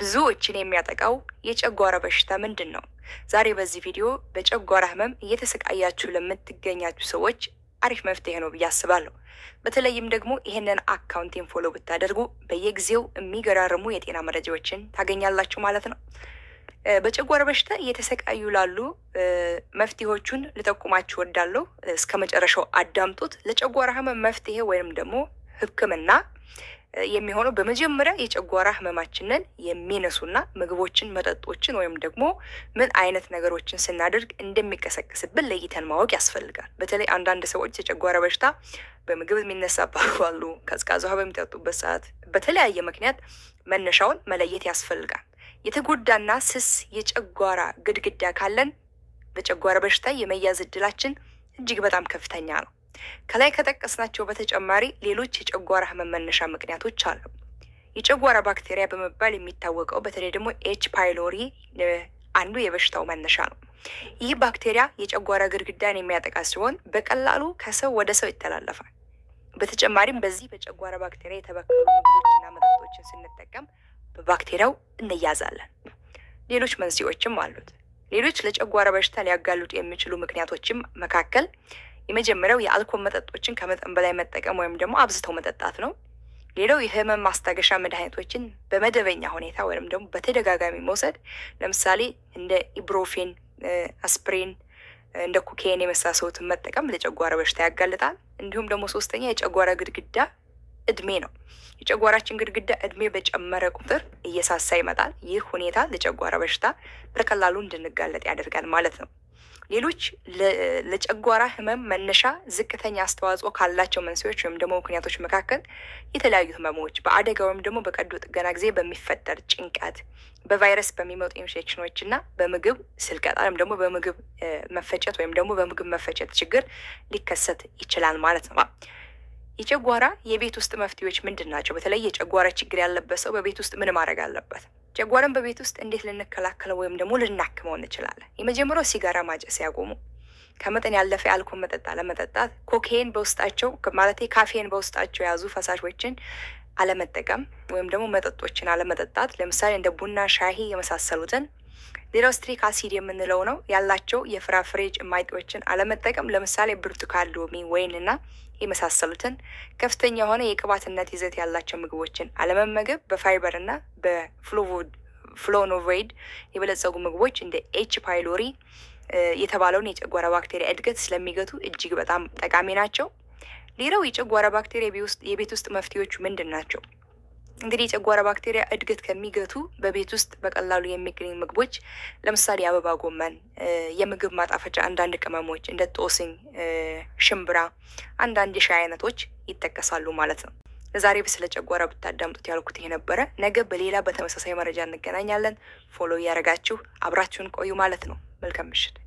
ብዙዎችን የሚያጠቃው የጨጓራ በሽታ ምንድን ነው? ዛሬ በዚህ ቪዲዮ በጨጓራ ህመም እየተሰቃያችሁ ለምትገኛችሁ ሰዎች አሪፍ መፍትሄ ነው ብዬ አስባለሁ። በተለይም ደግሞ ይህንን አካውንቴን ፎሎ ብታደርጉ በየጊዜው የሚገራርሙ የጤና መረጃዎችን ታገኛላችሁ ማለት ነው። በጨጓራ በሽታ እየተሰቃዩ ላሉ መፍትሄዎቹን ልጠቁማችሁ ወዳለሁ። እስከ መጨረሻው አዳምጡት። ለጨጓራ ህመም መፍትሄ ወይም ደግሞ ህክምና የሚሆነው በመጀመሪያ የጨጓራ ህመማችንን የሚነሱና ምግቦችን፣ መጠጦችን ወይም ደግሞ ምን አይነት ነገሮችን ስናደርግ እንደሚቀሰቅስብን ለይተን ማወቅ ያስፈልጋል። በተለይ አንዳንድ ሰዎች የጨጓራ በሽታ በምግብ የሚነሳባሉ አሉ። ቀዝቃዛ ውሃ በሚጠጡበት ሰዓት በተለያየ ምክንያት መነሻውን መለየት ያስፈልጋል። የተጎዳና ስስ የጨጓራ ግድግዳ ካለን በጨጓራ በሽታ የመያዝ እድላችን እጅግ በጣም ከፍተኛ ነው። ከላይ ከጠቀስናቸው በተጨማሪ ሌሎች የጨጓራ ህመም መነሻ ምክንያቶች አሉ። የጨጓራ ባክቴሪያ በመባል የሚታወቀው በተለይ ደግሞ ኤች ፓይሎሪ አንዱ የበሽታው መነሻ ነው። ይህ ባክቴሪያ የጨጓራ ግድግዳን የሚያጠቃ ሲሆን በቀላሉ ከሰው ወደ ሰው ይተላለፋል። በተጨማሪም በዚህ በጨጓራ ባክቴሪያ የተበከሉ ምግቦችና መጠጦችን ስንጠቀም በባክቴሪያው እንያዛለን። ሌሎች መንስኤዎችም አሉት። ሌሎች ለጨጓራ በሽታ ሊያጋልጡ የሚችሉ ምክንያቶችም መካከል የመጀመሪያው የአልኮል መጠጦችን ከመጠን በላይ መጠቀም ወይም ደግሞ አብዝተው መጠጣት ነው። ሌላው የህመም ማስታገሻ መድኃኒቶችን በመደበኛ ሁኔታ ወይም ደግሞ በተደጋጋሚ መውሰድ፣ ለምሳሌ እንደ ኢብሮፌን፣ አስፕሪን እንደ ኮኬን የመሳሰሉትን መጠቀም ለጨጓራ በሽታ ያጋልጣል። እንዲሁም ደግሞ ሶስተኛ የጨጓራ ግድግዳ እድሜ ነው። የጨጓራችን ግድግዳ እድሜ በጨመረ ቁጥር እየሳሳ ይመጣል። ይህ ሁኔታ ለጨጓራ በሽታ በቀላሉ እንድንጋለጥ ያደርጋል ማለት ነው። ሌሎች ለጨጓራ ህመም መነሻ ዝቅተኛ አስተዋጽኦ ካላቸው መንስኤዎች ወይም ደግሞ ምክንያቶች መካከል የተለያዩ ህመሞች በአደጋ ወይም ደግሞ በቀዶ ጥገና ጊዜ በሚፈጠር ጭንቀት፣ በቫይረስ በሚመጡ ኢንፌክሽኖች እና በምግብ ስልቀጣ ወይም ደግሞ በምግብ መፈጨት ወይም ደግሞ በምግብ መፈጨት ችግር ሊከሰት ይችላል ማለት ነው። የጨጓራ የቤት ውስጥ መፍትሄዎች ምንድን ናቸው? በተለይ የጨጓራ ችግር ያለበት ሰው በቤት ውስጥ ምን ማድረግ አለበት? ጨጓራን በቤት ውስጥ እንዴት ልንከላከለው ወይም ደግሞ ልናክመው እንችላለን? የመጀመሪያው ሲጋራ ማጨስ ያቆሙ። ከመጠን ያለፈ የአልኮል መጠጥ አለመጠጣት፣ ኮኬን በውስጣቸው ማለት ካፌን በውስጣቸው የያዙ ፈሳሾችን አለመጠቀም ወይም ደግሞ መጠጦችን አለመጠጣት፣ ለምሳሌ እንደ ቡና፣ ሻሂ የመሳሰሉትን ሌላው ስትሪክ አሲድ የምንለው ነው ያላቸው የፍራፍሬ ጭማቂዎችን አለመጠቀም ለምሳሌ ብርቱካን፣ ሎሚ፣ ወይን እና የመሳሰሉትን ከፍተኛ የሆነ የቅባትነት ይዘት ያላቸው ምግቦችን አለመመገብ በፋይበር እና በፍሎኖቬድ የበለጸጉ ምግቦች እንደ ኤች ፓይሎሪ የተባለውን የጨጓራ ባክቴሪያ እድገት ስለሚገቱ እጅግ በጣም ጠቃሚ ናቸው። ሌላው የጨጓራ ባክቴሪያ የቤት ውስጥ መፍትሄዎቹ ምንድን ናቸው? እንግዲህ የጨጓራ ባክቴሪያ እድገት ከሚገቱ በቤት ውስጥ በቀላሉ የሚገኙ ምግቦች ለምሳሌ አበባ ጎመን፣ የምግብ ማጣፈጫ አንዳንድ ቅመሞች እንደ ጦስኝ፣ ሽምብራ፣ አንዳንድ የሻይ አይነቶች ይጠቀሳሉ ማለት ነው። ለዛሬ ስለ ጨጓራ ብታዳምጡት ያልኩት ይሄ ነበረ። ነገ በሌላ በተመሳሳይ መረጃ እንገናኛለን። ፎሎ እያደረጋችሁ አብራችሁን ቆዩ ማለት ነው። መልካም ምሽት።